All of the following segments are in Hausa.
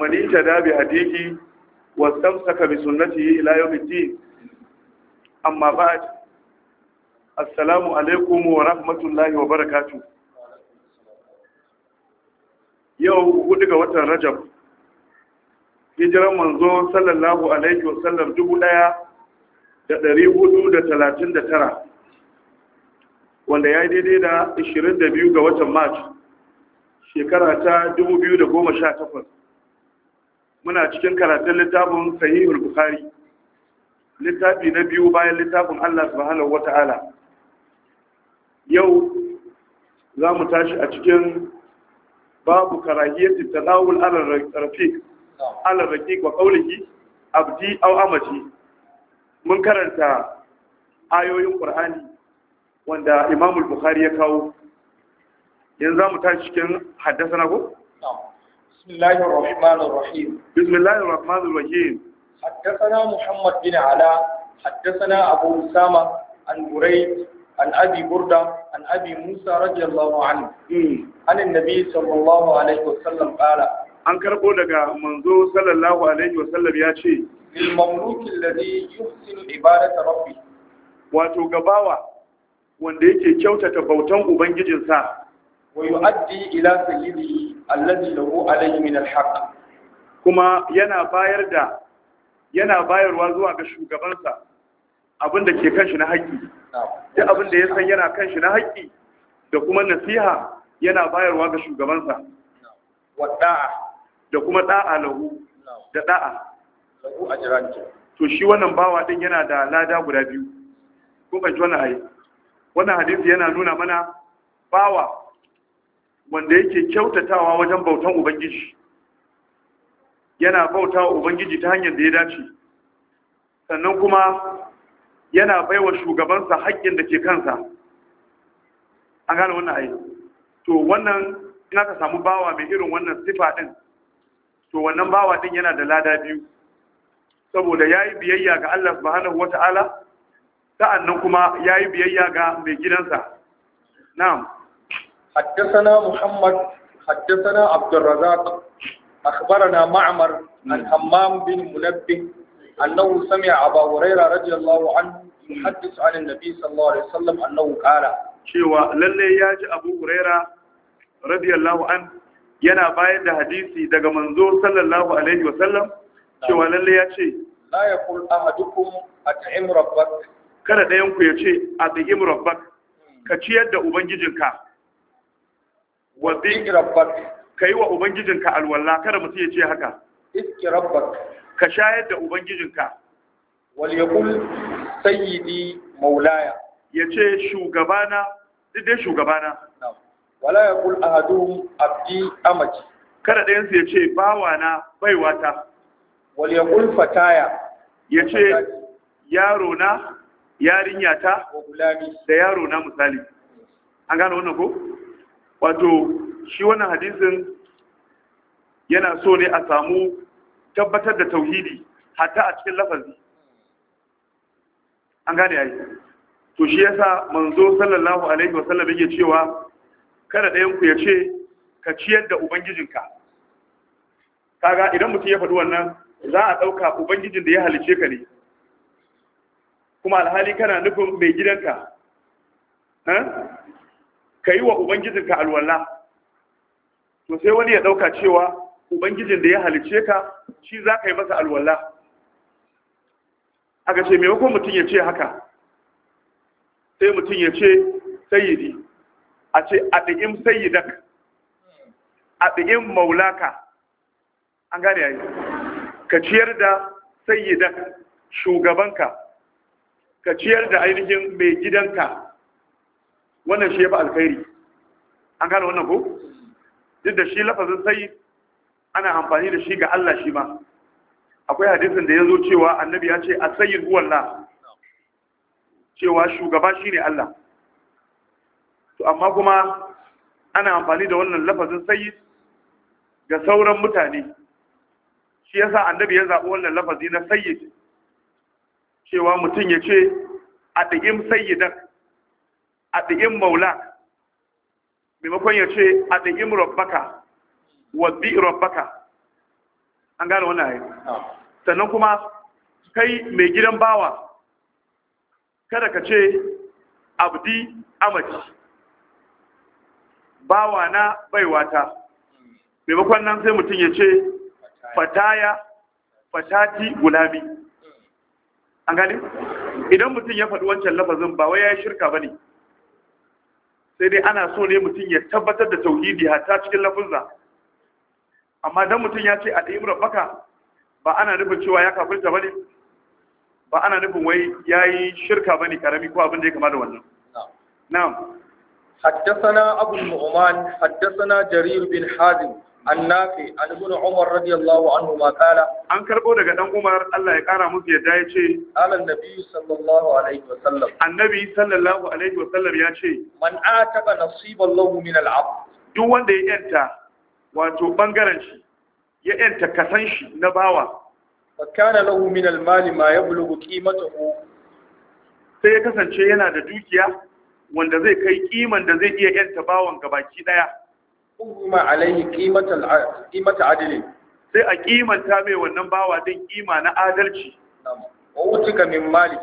ومن اهتدى بهديه واستمسك بسنته الى يوم الدين اما بعد السلام عليكم ورحمه الله وبركاته yau hudu ga watan rajab hijiran صلى الله عليه وسلم dubu wanda ya yi daidai da 22 da biyu ga watan march shekara ta dubu biyu da muna cikin karatun littafin sahihul bukhari littafi na biyu bayan littafin Allah subhanahu wata'ala yau za mu tashi a cikin babu karahiyyati tadawul ala rafiq wa qawlihi abdi aw amati mun karanta ayoyin ƙur'ani wanda imamul bukhari ya kawo yanzu za mu tashi cikin haddasa na ko بسم الله الرحمن الرحيم بسم الله الرحمن الرحيم حدثنا محمد بن علاء حدثنا أبو أسامة عن بريد عن أبي بردة عن أبي موسى رضي الله عنه عن النبي صلى الله عليه وسلم قال an hmm. karbo daga manzo sallallahu alaihi wasallam ya ce lil mamluki alladhi yuhsinu ibadata rabbi wato gabawa wanda yake kyautata bautan ubangijinsa wa yu'addi ila allazi lahu alayhi min alhaq kuma yana bayar da yana bayarwa zuwa ga shugabansa abinda da ke kanshi na haƙƙi duk abinda ya san yana kanshi na haƙƙi da kuma nasiha yana bayarwa ga shugabansa da kuma da'a lahu da da'a lahu ajran to shi wannan bawa din yana da lada guda biyu ko ban ji wannan hadisi yana nuna mana bawa wanda yake kyautatawa wajen bautan ubangiji yana wa ubangiji ta hanyar da ya dace sannan kuma yana baiwa shugabansa haƙƙin da ke kansa an gane wannan ayi to wannan ina ka samu bawa mai irin wannan sifa ɗin to wannan bawa ɗin yana da lada biyu saboda ya yi biyayya ga Allah subhanahu wata'ala sa'annan kuma ya yi biyayya ga mai gidansa na'am حدثنا محمد حدثنا عبد الرزاق أخبرنا معمر عن همام بن منبه أنه سمع أبا هريرة رضي الله عنه يحدث عن النبي صلى الله عليه وسلم أنه قال cewa lalle ya ji abu huraira yana bayar da hadisi daga manzo sallallahu alaihi wa sallam cewa lalle ya ce la yaqul ahadukum at'im rabbak kada dayan ku ya ce at'im rabbak ka ciyar da ubangijinka wa bi rabbak kai wa ubangijinka alwala kada mutum ya ce haka iski rabbak ka shayar da ubangijinka wal yaqul sayyidi maulaya yace shugabana dide shugabana wala yaqul ahaduhum abdi amaji kada dayan sai yace bawana baiwata wal yaqul fataya yace yaro na yarinya ta da yaro na misali an gane wannan ko wato shi wannan hadisin yana so ne a samu tabbatar da tauhidi hatta a cikin lafazi an gane yayi to shi yasa manzo sallallahu alaihi wasallam yake cewa kada ɗayan ku ya ce ka ciyar da ubangijinka kaga idan mutum ya faɗi wannan za a ɗauka ubangijin da ya halice ka ne kuma alhali kana nufin mai gidanka ka yi wa ka alwala to sai wani ya ɗauka cewa ubangijin da ya halice ka shi za ka yi masa alwala aka ce maimakon mutum ya ce haka sai mutum ya ce sayidi a ce adi'im sayidak adi'im maulaka an gane yayi ka ciyar da sayidak shugabanka ka ciyar da ainihin mai gidanka wannan shi ya fi alkhairi an gane wannan ko duk da shi lafazin sai ana amfani da shi ga Allah shi ma akwai hadisin da ya zo cewa annabi ya ce a sayin huwallah cewa shugaba shi ne Allah to amma kuma ana amfani da wannan lafazin sayi ga sauran mutane shi yasa annabi ya zaɓi wannan lafazi na sayi cewa mutum ya ce a ɗigim sayyidan adi'in maula maimakon ya ce adi'in rabbaka bi rabbaka an gane wannan ayi sannan kuma kai mai gidan bawa kada ka ce abdi amati bawa na baiwata maimakon nan sai mutum ya ce fataya fatati gulami an gane idan mutum ya faɗi wancan lafazin ba wai ya yi shirka ba ne sai dai ana so ne mutum ya tabbatar da tauhidi hatta cikin lafuzza amma dan mutum ya ce a ɗayi rabbaka ba ana nufin cewa ya kafirta bane ba ana nufin wai yayi shirka bane karami ko abin da ya kama da wannan na'am حدثنا أبو النعمان حدثنا جرير بن حازم annafi an ibn umar radiyallahu anhu ma kala an karbo daga dan umar Allah ya kara musu yadda ya ce alan nabi sallallahu alaihi wasallam annabi sallallahu alaihi wasallam ya ce man ataba nasiban lahu min al'ab duk wanda ya yanta wato bangaren shi ya yanta kasan shi na bawa fa kana lahu min al-mali ma yablughu qimatahu sai ya kasance yana da dukiya wanda zai kai kiman da zai iya yanta bawan gabaki daya kuma alaihi qimata adli sai a kimanta mai wannan bawa din kima na adalci wa utika min mali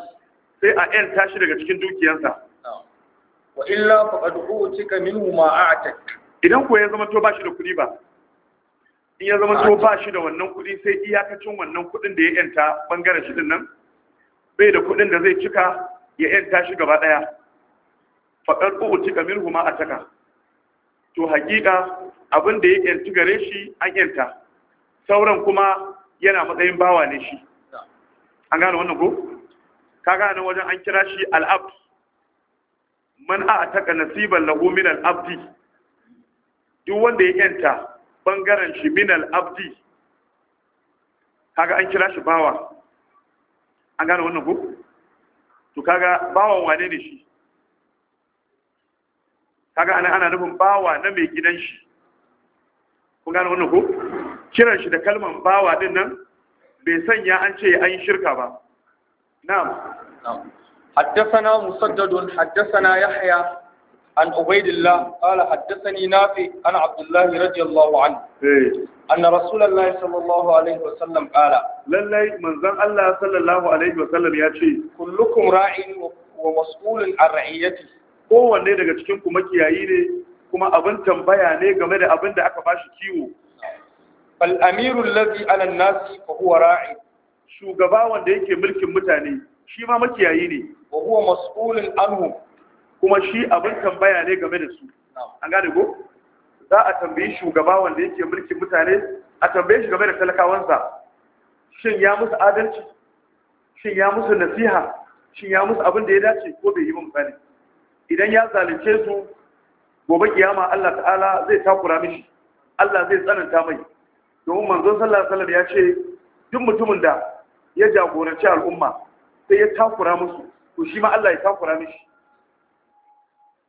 sai a yan tashi daga cikin dukiyarsa wa illa faqad utika minhu ma a'tak idan ko ya zama to bashi da kudi ba in ya zama to bashi da wannan kudi sai iyakacin wannan kudin da ya yanta bangaren shi din nan bai da kudin da zai cika ya yanta shi gaba daya faqad utika minhu ma ataka to hakika abin da ya yantu gare shi an yanta sauran kuma yana matsayin bawa ne shi an gane wannan ko Ka gane wajen an kira shi al'ab man a ataka nasiban lahu min al'abdi duk wanda ya yanta bangaren shi min al'abdi kaga an kira shi bawa an gane wannan ko to kaga bawan wane ne shi kaga ana ana nufin bawa na mai gidan shi kun gane wannan ko kiran shi da kalman bawa din nan bai sanya an ce an yi shirka ba na'am حدثنا مسدد حدثنا يحيى عن عبيد الله قال حدثني نافع عن عبد الله رضي الله عنه أن رسول الله صلى الله عليه وسلم قال لله من زن الله صلى الله عليه وسلم يأتي كلكم راع ومسؤول عن رعيته kowanne daga cikin kuma makiyayi ne kuma abin tambaya ne game da abin da aka bashi kiwo fal amirul ladhi ala an-nas huwa ra'i shugaba wanda yake mulkin mutane shi ma makiyayi ne wa huwa mas'ulun anhu kuma shi abin tambaya ne game da su an gane ko za a tambayi shugaba wanda yake mulkin mutane a tambaye shi game da talakawansa shin ya musu adalci shin ya musu nasiha shin ya musu abin da ya dace ko bai yi ba misali idan ya zalunce su gobe kiyama Allah ta'ala zai takura mishi Allah zai tsananta mai domin manzon sallallahu alaihi wasallam ya ce duk mutumin da ya jagoranci al'umma sai ya takura musu to shi ma Allah ya takura mishi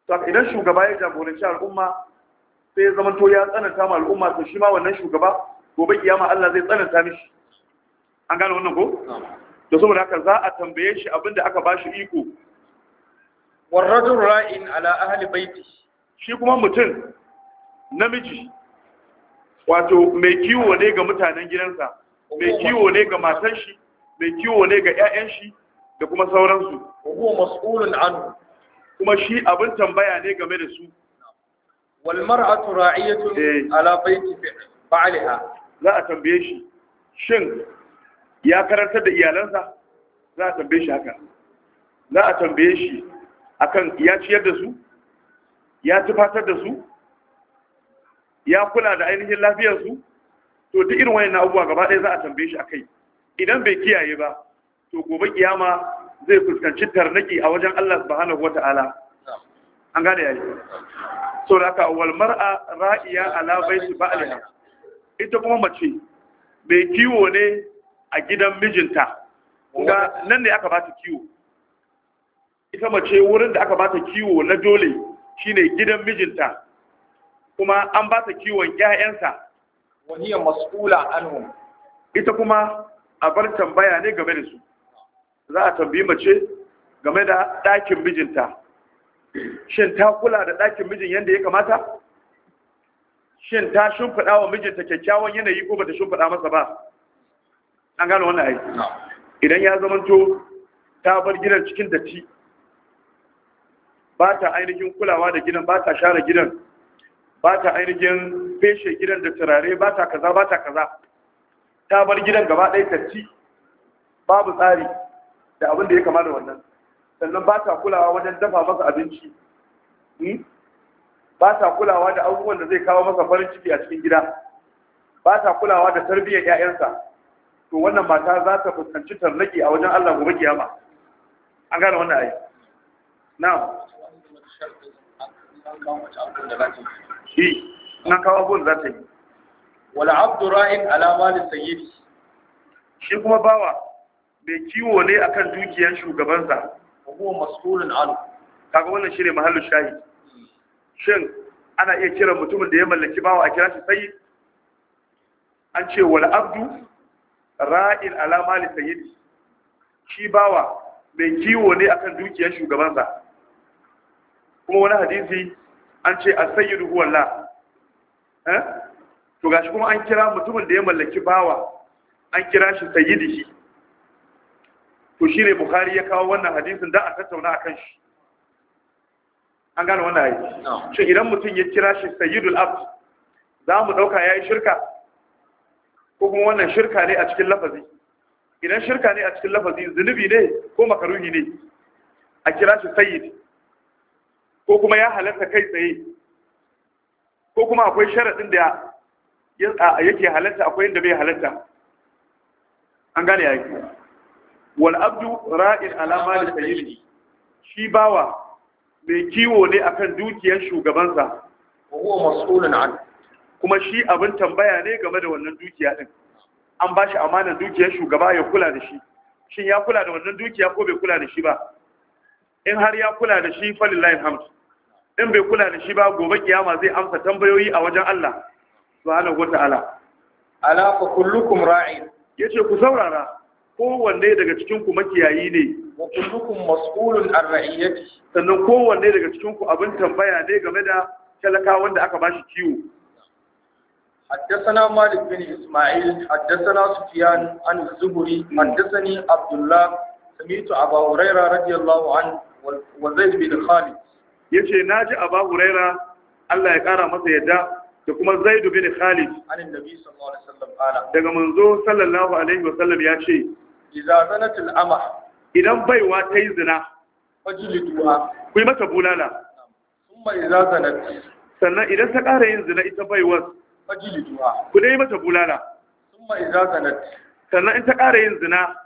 to idan shugaba ya jagoranci al'umma sai ya zama to ya tsananta ma al'umma to shi ma wannan shugaba gobe kiyama Allah zai tsananta mishi an gane wannan ko to saboda haka za a tambaye shi abinda aka bashi iko warrajul ra'in ala ahli baiti shi kuma mutum namiji wato mai kiwo ne ga mutanen gidansa mai kiwo ne ga matan shi mai kiwo ne ga 'ya'yan shi da kuma sauransu huwa mas'ulun anhu kuma shi abin tambaya ne game da su wal mar'atu ra'iyatun eh. ala baiti ba'liha za a tambaye shi shin ya karanta da iyalansa za a tambaye shi haka za a tambaye shi akan ya ciyar da su ya tufatar da su ya kula da ainihin lafiyarsu to duk irin wayannan abubuwa gaba ɗaya za a tambaye shi akai idan bai kiyaye ba to gobe kiyama zai fuskanci tarnaki a wajen Allah subhanahu wata'ala an gane yayi so da haka wal mar'a ra'iya ala baiti ba'liha ita kuma mace mai kiwo ne a gidan mijinta ga nan ne aka ba ta kiwo ita mace wurin da aka bata kiwo na dole shine gidan mijinta kuma an bata kiwon ƴaƴansa waniya mas'ula anhum ita kuma a bar tambaya ne game da su za a tambayi mace game da ɗakin mijinta shin ta kula da ɗakin mijin yadda ya kamata shin ta shimfiɗa wa mijinta kyakkyawan yanayi ko ba ta shimfiɗa masa ba an gano wannan aiki idan ya zamanto ta bar gidan cikin datti ba ta ainihin kulawa da gidan ba ta share gidan ba ta ainihin feshe gidan da turare ba ta kaza ba ta kaza ta bar gidan gaba ɗaya ci babu tsari da abin da ya kama da wannan sannan ba ta kulawa wajen dafa masa abinci hmm? ba ta kulawa da abubuwan da zai kawo masa farin ciki a cikin gida ba ta kulawa da tarbiyyar 'ya'yansa to wannan mata za ta fuskanci tarnaki a wajen Allah gobe kiyama an gane wannan ayi na'am shi na kawo abun za ta yi wala abdu ra'in alama da sayyidi shi kuma bawa mai kiwo ne akan dukiyar shugabansa kuma mas'ulun alu kaga wannan shine mahallu shahi shin ana iya kiran mutumin da ya mallaki bawa a kira shi sayyid an ce wala abdu ra'in alama li sayyidi shi bawa mai kiwo ne akan dukiyar shugabansa kuma wani hadisi an ce a sayyidu huwa Allah eh? to gashi kuma an kira mutumin da ya mallaki bawa an kira shi sayyidi shi to shine bukhari ya kawo wannan hadisin da a tattauna akan shi an gane wannan ayi shi idan mutum ya kira shi sayyidul abd za mu dauka yayi shirka ko kuma wannan shirka ne a cikin lafazi idan shirka ne a cikin lafazi zunubi ne ko makaruhi ne a kira shi sayyidi ko kuma ya halatta kai tsaye ko kuma akwai sharaɗin da yake halatta akwai inda bai halatta an gane yaki wal abdu ra'in alama da sayyidi shi bawa mai kiwo ne akan dukiyar shugabansa huwa mas'ulun an kuma shi abin tambaya ne game da wannan dukiya din an ba shi amanar dukiyar shugaba ya kula da shi shin ya kula da wannan dukiya ko bai kula da shi ba in har ya kula da shi falillahi hamd in bai kula da shi ba gobe kiyama zai amsa tambayoyi a wajen Allah subhanahu wata'ala ala fa kullukum ra'in yace ku saurara kowanne daga cikin ku makiyayi ne wa kullukum mas'ulun an ra'iyati sannan kowanne daga cikin ku abin tambaya ne game da talaka wanda aka bashi kiwo حدثنا مالك بن إسماعيل حدثنا سفيان عن الزهري حدثني عبد الله سمعت أبا هريرة رضي الله عنه wa zaid bin khalid yace naji aba huraira Allah ya kara masa yadda da kuma zaid bin khalid anin daga manzo sallallahu alaihi wasallam ya ce idan baiwa ta yi zina ku yi mata bulala sannan idan ta ƙara yin zina ita baiwar ku dai mata bulala sannan in ta ƙara yin zina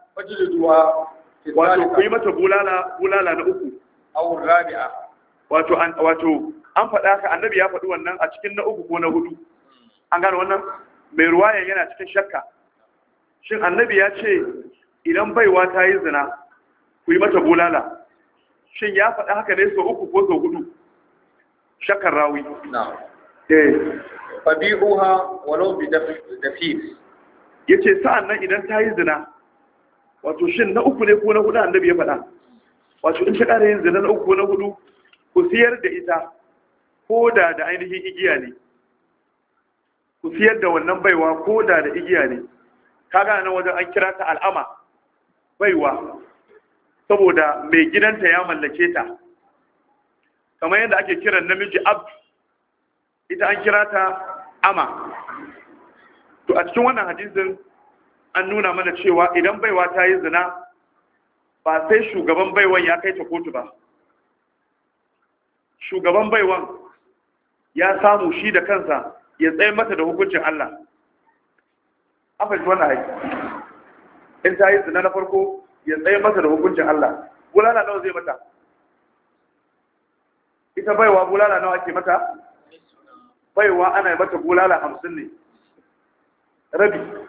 wato ku yi mata bulala bulala na uku aw rabi'a wato an wato an faɗa ka annabi ya faɗi wannan a cikin na uku ko na hudu an gano wannan mai ruwaya yana cikin shakka shin annabi ya ce idan baiwa ta yi zina ku yi mata bulala shin ya faɗa haka ne sau uku ko sau hudu shakkar rawi eh fabi'uha walau bi dafif yace sa'an nan idan ta yi zina wato shin na uku ne ko na hudu annabi ya faɗa wato in ta ƙara yin zina na uku ko na hudu ku siyar da ita ko da da ainihin igiya ne ku siyar da wannan baiwa ko da da igiya ne Ka gane wajen an kira ta al'ama baiwa saboda mai gidanta ya mallake ta kamar yadda ake kiran namiji ab ita an kira ta ama to a cikin wannan hadisin an nuna mana cewa idan baiwa ta yi zina ba sai shugaban baiwan ya kai ta kotu ba shugaban baiwan ya samu shi da kansa ya tsaye mata da hukuncin Allah afin wannan haiti in ta yi zina na farko ya tsaye mata da hukuncin Allah bulala nawa zai mata ita baiwa bulala nawa ake mata baiwa ana mata bulala hamsin ne rabi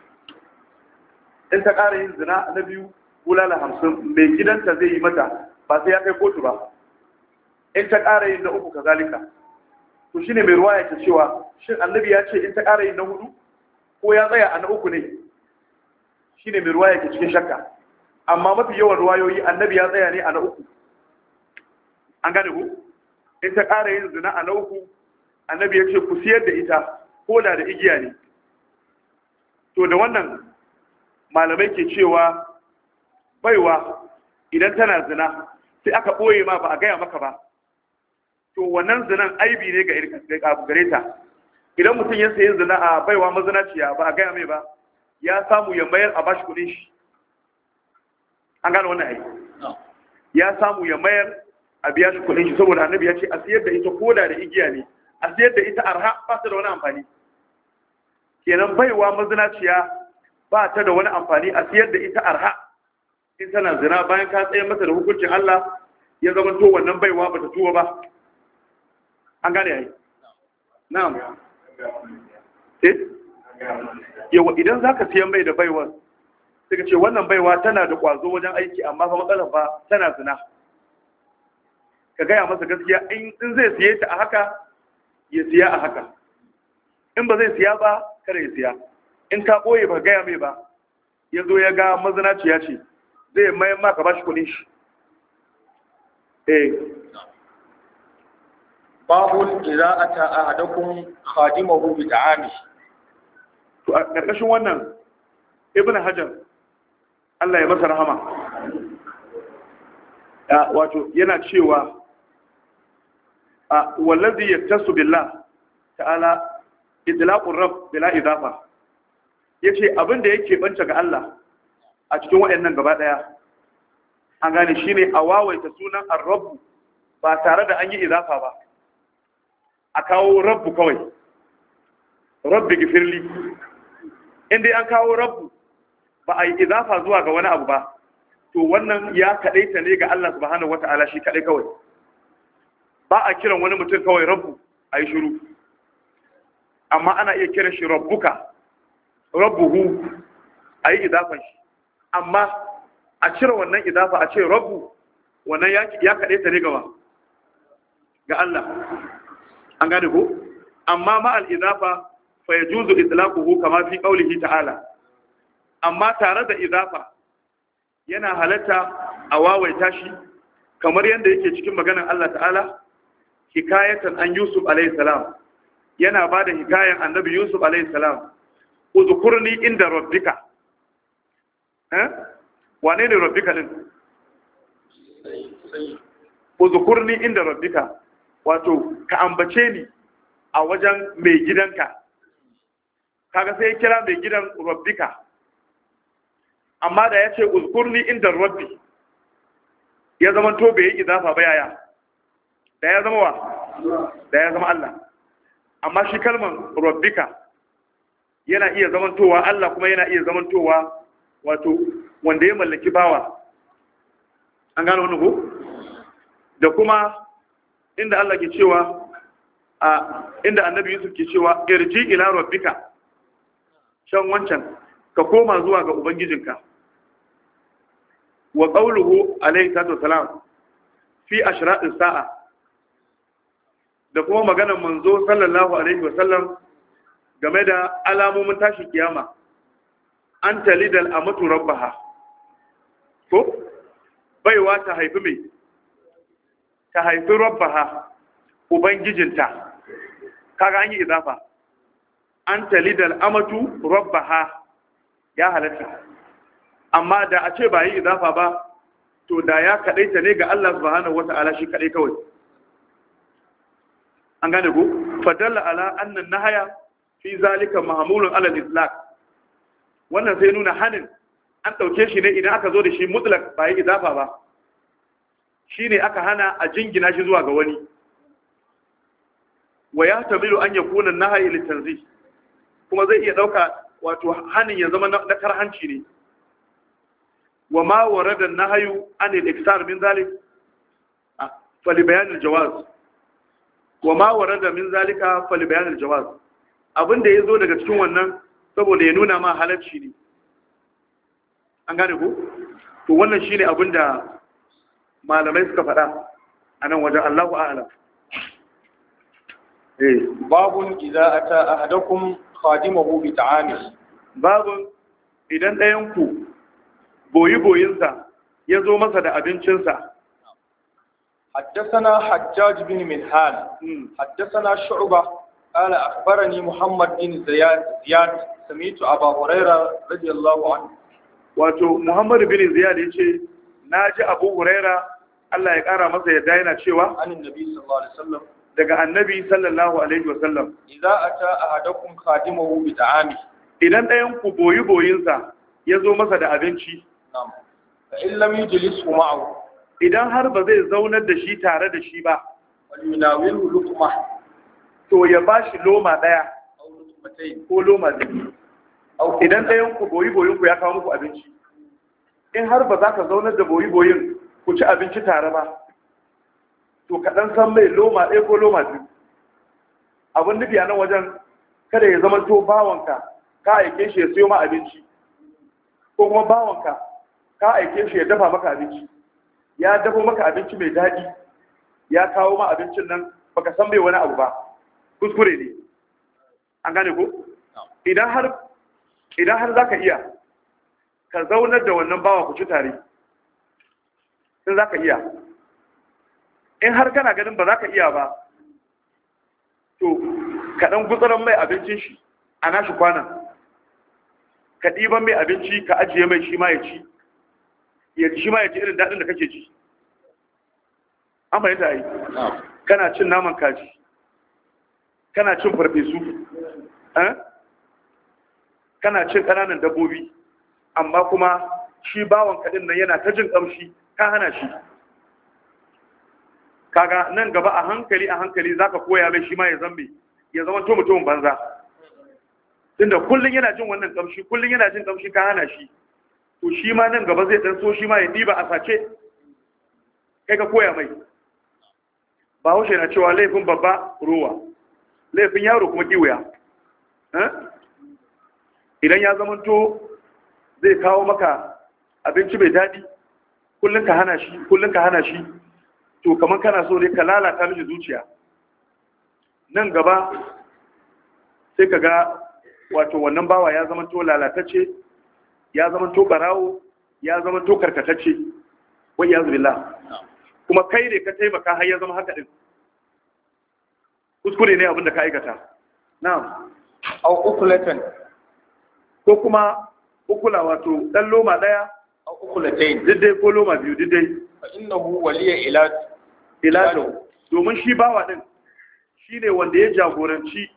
in ta ƙara yin zina na biyu bulala hamsin mai gidanta zai yi mata ba sai ya kai kotu ba in ta ƙara yin na uku kazalika to shine mai ruwa yake cewa shin annabi ya ce in ta ƙara yin na hudu ko ya tsaya a na uku ne shine mai ruwa yake cikin shakka amma mafi yawan ruwayoyi annabi ya tsaya ne a na uku an gane ku in ta ƙara yin zina a na uku annabi ya ce ku siyar da ita ko da da igiya ne to da wannan malamai ke cewa baiwa idan tana zina sai aka ɓoye ma ba a gaya maka ba to wannan zinan aibi ne ga gare ta idan mutum ya sayi zina a baiwa mazinaciya ba a gaya mai ba ya samu ya mayar a bashi kudin shi an gane wannan aiki ya samu ya mayar a biya shi kudin shi saboda annabi ya ce a siyar da ita koda da igiya ne a siyar da ita arha ba su da wani amfani kenan baiwa mazinaciya ba ta da wani amfani a siyar da ita arha in tana zina bayan ka tsaye masa da hukuncin Allah ya zama to wannan baiwa ba ta tuwa ba an gane yayi na'am eh yawa idan zaka siyan mai da baiwa sai ce wannan baiwa tana da kwazo wajen aiki amma fa matsalar ba tana zina ka gaya masa gaskiya in zai siye ta a haka ya siya a haka in ba zai siya ba kare ya siya in ka ɓoye ba gaya mai ba ya zo ya ga mazinaciya ce zai mayan maka ba shi kudin shi eh babun idza ata Khadima, hudu da Ami. to a ƙarƙashin wannan ibn hajar Allah ya masa rahama wato yana cewa wallazi tasu billah ta'ala idlaqur rabb bila idafa ya ce abinda da yake banta ga Allah a cikin waɗannan gaba ɗaya an gane shi ne a wawaita sunan arrabu ba tare da an yi izafa ba a kawo rabu kawai rabbi gifirli inda an kawo rabu ba a yi izafa zuwa ga wani abu ba to wannan ya kaɗaita ne ga Allah subhanahu wata'ala shi kaɗai kawai ba a kiran wani mutum kawai rabu a yi shiru amma ana iya kiran shi rabbuka rabbuhu a yi idafan shi amma a cire wannan idafa a ce rabbu wannan ya kaɗe ta ne gaba ga Allah an gane ku. amma ma'al idafa fa ya juzu itlaquhu kama fi qawlihi ta'ala amma tare da idafa yana halatta a wawaita shi kamar yadda yake cikin maganar Allah ta'ala hikayatan an Yusuf alayhi salam yana bada hikayan annabi Yusuf alayhi salam uzukurni inda rabbika eh wane ne rabbika din uzukurni inda rabbika wato ka ambace ni a wajen mai gidanka kaga sai kira mai gidan rabbika amma da ya ce uzkurni inda rabbi ya zama to bai yi zafa ba yaya da ya zama wa da ya zama Allah amma shi kalman rabbika yana iya zamantowa Allah kuma yana iya zamantowa wato wanda ya mallaki bawa an gano wannan ko da kuma inda Allah ke cewa a inda annabi Yusuf ke cewa irji ila rabbika shan wancan ka koma zuwa ga ubangijinka wa qawluhu alayhi salatu wasalam fi ashra'is sa'a da kuma maganar manzo sallallahu alaihi wasallam game da alamomin tashin kiyama an talidal amatu rabbaha ko baiwa ta haifi mai ta haifi rabbaha ubangijinta kaga an yi izafa an talidal amatu rabbaha ya halatta amma da a ce ba yi izafa ba to da ya kadaita ne ga Allah subhanahu wata'ala shi kadai kawai an gane ko fadalla ala annan nahaya fi zalika mahmulun alal itlaq wannan sai nuna hannun? an dauke shi ne idan aka zo da shi mutlak ba yi idafa ba shine aka hana a jingina shi zuwa ga wani wa ya tamilu an yakuna nahyi litanzih kuma zai iya dauka wato hanin ya zama na karhanci ne wa ma warada nahyu an al-iktar min zalik ah, fa li bayan al-jawaz wa ma warada min zalika fa li bayan al-jawaz abin da ya zo daga cikin wannan saboda ya nuna ma halarci ne an gane ku? to wannan ne abin da malamai suka faɗa a nan wajen Allahu a'ala a ta a hadakun ahadakum khadimahu bi ta'ami babun idan ɗayanku boyi boyinsa ya zo masa da abincinsa حدثنا حجاج بن منهال حدثنا شعبة قال أخبرني محمد بن زياد زياد سميت أبا هريرة رضي الله عنه wato Muhammad bin Ziyad yace naji Abu Huraira Allah ya kara masa yadda yana cewa annabi sallallahu alaihi wasallam daga annabi sallallahu alaihi wasallam idza ata ahadakum khadimuhu bi ta'ami idan ɗayan ku boyi boyinsa ya zo masa da abinci na'am fa in lam yujlisu ma'ahu idan har ba zai zaunar da shi tare da shi ba wal yunawilu luqma to ya ba shi loma ɗaya ko loma ɗaya? idan ɗayan ku boyi boyin ku ya kawo muku abinci in har ba za ka zaunar da boyi boyin ku ci abinci tare ba to kaɗan san mai loma ɗaya ko loma biyu abin nufi a nan wajen kada ya zama to bawanka ka aike shi ya siyo ma abinci ko kuma bawanka ka aike shi ya dafa maka abinci ya dafa maka abinci mai daɗi ya kawo ma abincin nan baka san bai wani abu ba kuskure ne an gane ko idan har idan har zaka iya ka zaunar da wannan bawa ku ci tare in zaka iya in har kana ganin ba zaka iya ba to ka dan gutsaran mai abincin shi a nashi kwanan ka ɗiban mai abinci ka ajiye mai shi ma ya ci ya ci shi ma ya ci irin daɗin da kake ci an fahimta yi kana cin naman kaji kana cin farfesu kana cin ƙananan dabbobi amma kuma shi bawan kaɗin nan yana ta jin ƙamshi ka hana shi kaga nan gaba a hankali a hankali za ka koya mai shi ma ya zambe ya zama to banza inda kullum yana jin wannan ƙamshi kullum yana jin ƙamshi ka hana shi to shi ma nan gaba zai ɗan so shi ma ya ɗiba a sace kai ka koya mai ba haushe na cewa laifin babba ruwa laifin yaro kuma kiwuya eh? idan ya zamanto zai kawo maka abinci mai daɗi kullum ka hana shi to kamar kana so ne ka lalata miji zuciya nan gaba sai ka ga wato wannan bawa ya zamanto lalatacce ya zamanto barawo ya zamanto karkatacce wai ya zubila kuma kai ne ka taimaka har ya zama haka din kuskure ne abinda ka aikata na'am au ukulatan ko kuma ukula wato dan loma daya au ukulatain diddai ko loma biyu diddai fa innahu waliya ilad ilado domin shi bawa din shine wanda ya jagoranci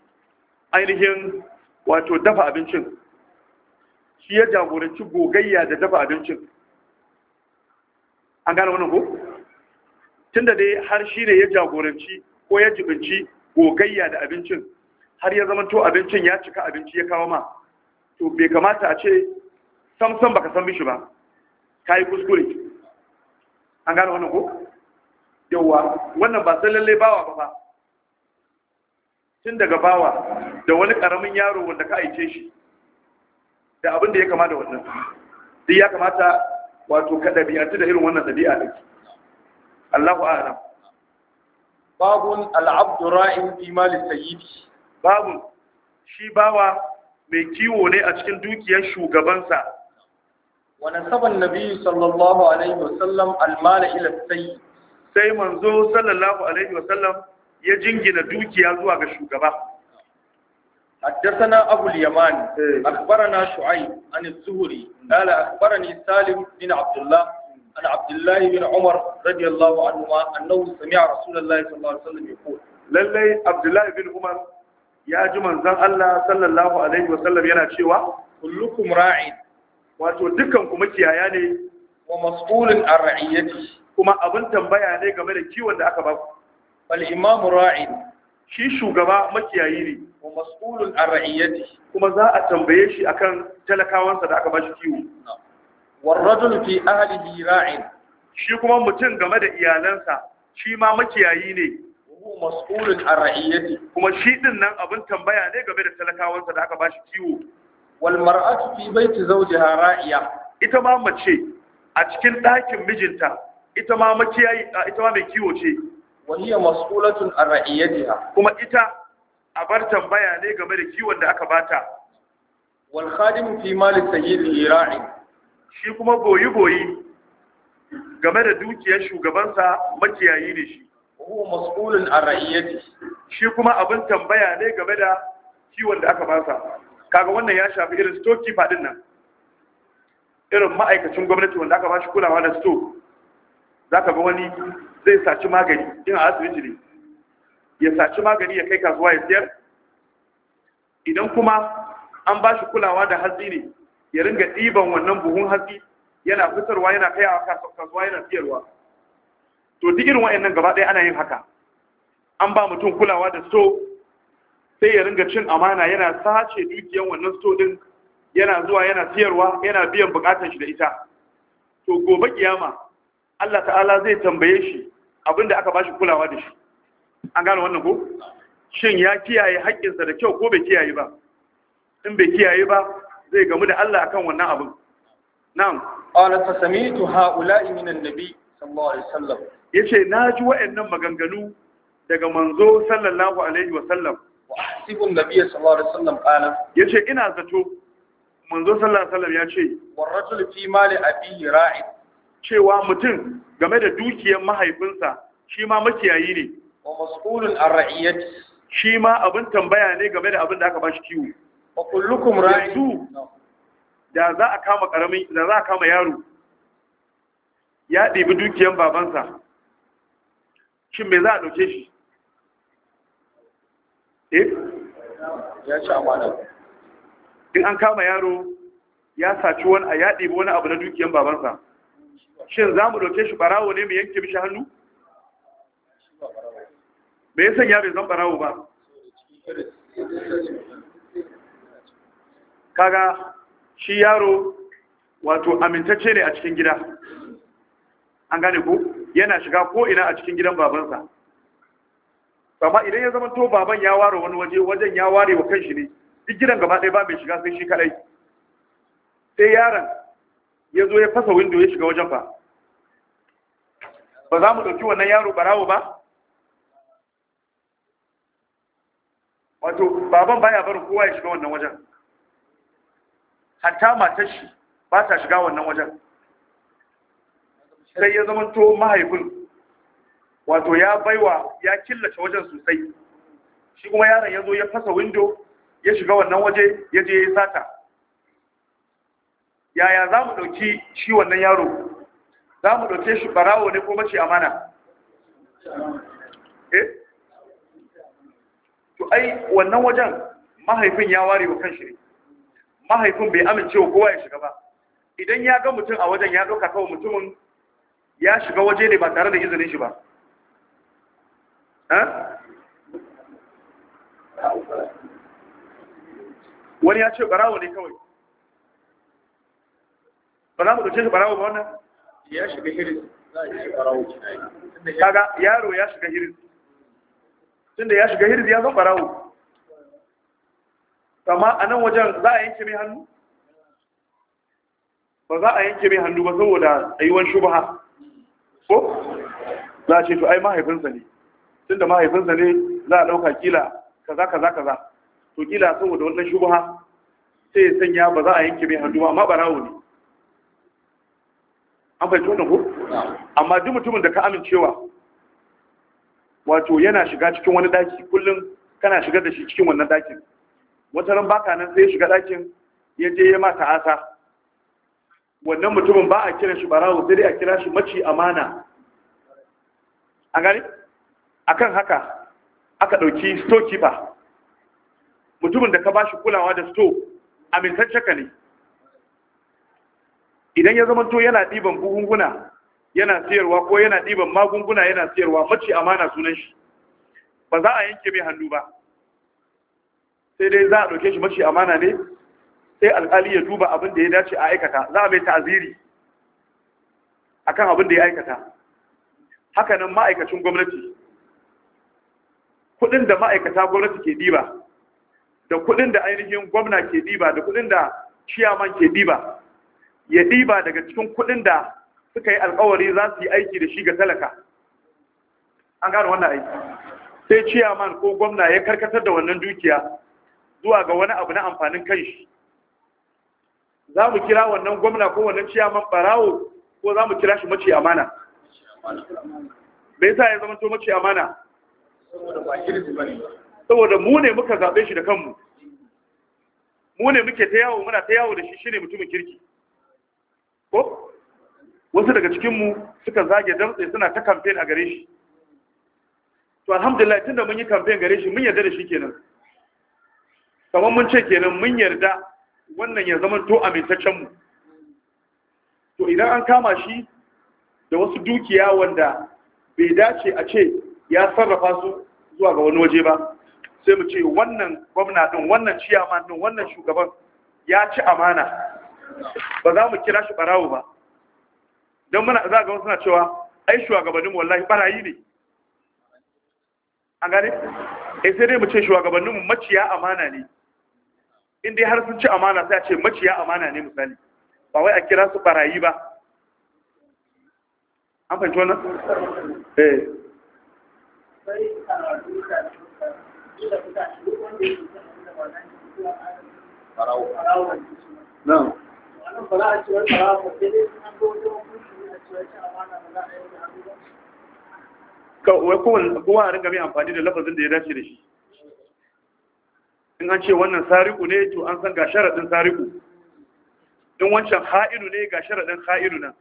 ainihin wato dafa abincin shi ya jagoranci gogayya da dafa abincin an gane wannan ko tunda dai har shi ne ya jagoranci ko ya jibinci gogayya da abincin har ya zama to abincin ya cika abinci ya kawo ma to bai kamata a ce samsam baka san mishi ba ka yi kuskure an gano wannan ko yawa wannan ba sai lallai bawa ba ba tun daga bawa da wani karamin yaro wanda ka aice shi da abin da ya kama da wannan duk ya kamata wato ka ɗabi'atu da irin wannan ɗabi'a ɗin Allahu a'lam babun al'abdu ra'in fi mali sayyidi babun shi bawa mai kiwo ne a cikin dukiyar shugabansa Wani nasaba annabi sallallahu alaihi wasallam al-mala ila sai manzo sallallahu alaihi wasallam ya jingina dukiya zuwa ga shugaba حدثنا أبو اليمان أخبرنا شعيب عن الزهري قال أخبرني سالم بن عبد الله عن Abdullahi bin Umar عمر رضي الله عنهما أنه سمع رسول الله صلى الله Lallai Abdullahi bin Umar ya الله بن Allah Sallallahu alaihi زن الله صلى الله عليه وسلم wato dukanku makiyaya ne wa mas'ulun an ra'iyati kuma abin tambaya ne game da kiwon da aka ba ku wal imamu ra'in shi shugaba makiyayi ne wa mas'ulun an ra'iyati kuma za a tambaye shi akan talakawansa da aka ba shi kiwo warrajul fi ahlihi ra'in shi kuma mutum game da iyalansa shi ma makiyayi ne hu mas'ulun ar ra'iyati kuma shi din nan abin tambaya ne game da talakawansa da aka bashi kiwo wal mar'atu fi baiti zawjiha ra'iya ita ma mace a cikin ɗakin mijinta ita ma makiyayi ita ma mai kiwo ce wa hiya mas'ulatun ar ra'iyatiha kuma ita a bar tambaya ne game da kiwon da aka bata wal khadim fi mali sayyidi ra'in shi kuma goyi-goyi game da dukiyar shugabansa makiyayi ne shi huwa mas'ulun an ra'iyyati shi kuma abin tambaya ne game da kiwon da aka basa kaga wannan ya shafi irin stoki fadin nan irin ma'aikacin gwamnati wanda aka bashi kulawa da sto zaka ga wani zai saci magani in a asibiti ne ya saci magani ya kai kasuwa ya siyar idan kuma an bashi kulawa da hatsi ne ya ringa ɗiban wannan buhun hatsi yana fitarwa yana kai a kasuwa yana siyarwa to duk irin wa'annan gaba ɗaya ana yin haka an ba mutum kulawa da so sai ya ringa cin amana yana sace dukiyan wannan so din yana zuwa yana siyarwa yana biyan bukatar shi da ita to gobe kiyama Allah ta'ala zai tambaye shi abinda aka bashi kulawa da shi an gane wannan ko shin ya kiyaye haƙƙinsa da kyau ko bai kiyaye ba in bai kiyaye ba zai gamu da Allah akan wannan abin na'am qala fa sami'tu ha'ula'i min an-nabi sallallahu alaihi wasallam yace naji wa'annan maganganu daga manzo sallallahu alaihi wasallam wa ahsibu an-nabi sallallahu alaihi wasallam qala yace ina zato manzo sallallahu alaihi wasallam yace warajul fi mali abihi ra'id cewa mutum game da dukiyar mahaifinsa shi ma makiyayi ne wa mas'ulun ar-ra'iyati shi ma abin tambaya ne game da abin da aka bashi kiwo wa kullukum ra'idu da za a kama karamin da za a kama yaro ya ɗibi dukiyan babansa shin me za a ɗauke shi eh ya ci amana in an kama yaro ya saci wani a ya wani abu na dukiyan babansa shin za mu ɗauke shi barawo ne mu yanke mishi hannu me ya sanya zan barawo ba kaga shi yaro wato amintacce ne a cikin gida an gane ku. yana shiga ko ina a cikin gidan babansa amma idan ya zama to baban ya ware wani waje wajen ya ware wa kanshi ne duk gidan gaba ɗaya ba mai shiga sai shi kadai sai yaron ya zo ya fasa windo ya shiga wajen ba ba za mu ɗauki wannan yaro barawo ba wato baban baya barin kowa ya shiga wannan wajen hatta matar shi ba ta shiga wannan wajen sai ya zama to mahaifin wato ya baiwa ya killace wajen sosai shi kuma yaron ya zo ya fasa windo ya shiga wannan waje ya je ya sata yaya za mu ɗauki shi wannan yaro za mu ɗauke shi barawo ne ko mace amana eh to ai wannan wajen mahaifin ya ware wa kan shi ne mahaifin bai amincewa kowa ya shiga ba idan ya ga mutum a wajen ya ɗauka kawai mutumin ya shiga waje ne ba tare da izinin shi ba wani ya ce barawo ne kawai ba za mu ɗauke shi barawo ba wannan ya shiga hiris kaga yaro ya shiga hiris tunda ya shiga hiris ya zo barawo kama a nan wajen za a yanke mai hannu ba za a yanke mai hannu ba saboda tsayuwan ha ko za a ce to ai mahaifinsa ne tun da mahaifinsa ne za a ɗauka kila kaza kaza kaza to kila saboda wannan ha sai ya sanya ba za a yanke mai hannu ba amma barawo ne an fahimci wannan ko amma duk mutumin da ka amincewa wato yana shiga cikin wani daki kullum kana shigar da shi cikin wannan dakin wata ran baka nan sai shiga dakin, ya je ya mata asa wannan mutumin ba a kiran shi barawo sai dai a kira shi maci amana a gani akan haka aka ɗauki storekeeper mutumin da ka ba shi kulawa da store amintacce ka ne idan ya zamanto yana ɗiban buhunguna yana siyarwa ko yana ɗiban magunguna yana siyarwa mace amana sunan shi ba za a yanke mai hannu ba sai dai za a ɗauke shi mashi amana ne sai alƙali ya duba abin da ya dace a aikata za a mai ta'aziri akan abin da ya aikata haka nan ma'aikacin gwamnati kuɗin da ma'aikata gwamnati ke diba da kuɗin da ainihin gwamna ke diba da kuɗin da ciyaman ke diba ya diba daga cikin kuɗin da suka yi alkawari za su yi aiki da shi ga talaka an gano wannan aiki sai ciyaman ko gwamna ya karkatar da wannan dukiya zuwa ga wani abu na amfanin kanshi za mu kira wannan gwamna ko wannan ciyaman barawo ko za mu kira shi mace amana me sa ya zama to mace amana saboda mu ne muka zaɓe shi da kanmu mu ne muke ta yawo muna ta yawo da shi shine mutumin kirki ko wasu daga cikinmu suka zage damtse suna ta kamfen a gare shi to alhamdulillah tunda mun yi kamfen gare shi mun yarda da shi kenan kamar mun ce kenan mun yarda wannan ya zama to amintaccen mu to idan an kama shi da wasu dukiya wanda bai dace a ce ya sarrafa su zuwa ga wani waje ba sai mu ce wannan gwamna din wannan ciyama din wannan shugaban ya ci amana ba za mu kira shi barawo ba don muna za ga wasu na cewa ai shugabanninmu wallahi barayi ne an gane? Eh, sai dai mu ce shugabanninmu maciya amana ne in dai har sun ci amana sai a ce maciya amana ne misali ba wai a kira su barayi ba an fahimci wannan eh na'am kawai kowane kowa ringa mai amfani da lafazin da ya dace da shi in an ce wannan sariku ne to an san ga sharadin sariku in wancan ha'idu ne ga sharadin ha'idu nan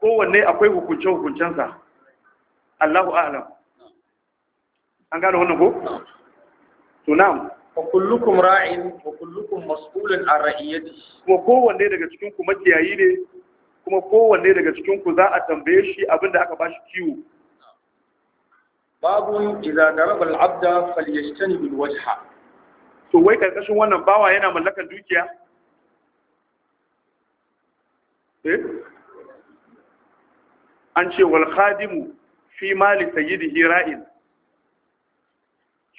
kowanne akwai hukunce-hukuncensa Allahu alam an gane wannan ko? to na'am wa kullukum ra'in wa kullukum mas'ulun an ra'iyati kuma kowanne daga cikin ku makiyayi ne kuma kowanne daga cikin ku za a tambaye shi abinda aka bashi kiwo Babu idza daraba abda falyajtani bil wajha to wai karkashin wannan bawa yana mallakan dukiya eh an ce wal khadimu fi mali sayyidihi ra'in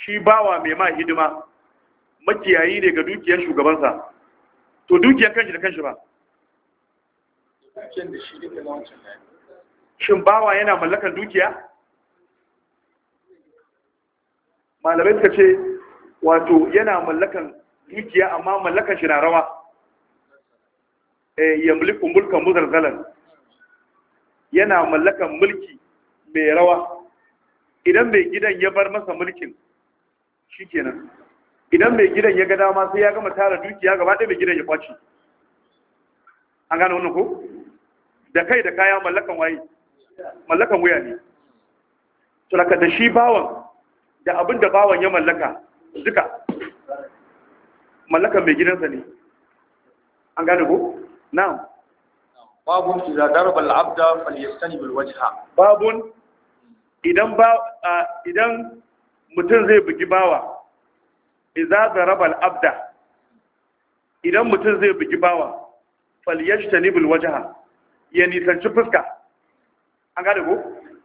shi bawa mai ma hidima makiyayi ne ga dukiyar shugabansa to dukiyar kanshi da kanshi ba shin bawa yana mallakan dukiya malamai suka ce wato yana mallakan dukiya amma mallakan shi na rawa eh, ya mulku mulkan muzalzalan yana mallakan mulki mai rawa idan mai gidan ya bar masa mulkin shikenan idan mai gidan ya ga dama sai ya gama tara dukiya gaba ɗaya mai gidan ya kwaci an gane wannan ko da kai da kaya mallakan waye mallakan wuya ne to da shi bawan da abin da bawan ya mallaka duka mallakan mai gidansa ne an gane ko na'am babun idan daraba al-abda falyastanib bil wajha babun idan ba idan mutum zai bugi bawa idza darbal abda idan mutum zai bugi bawa falyajtanib bil wajha ya nisanci fuska an gane ko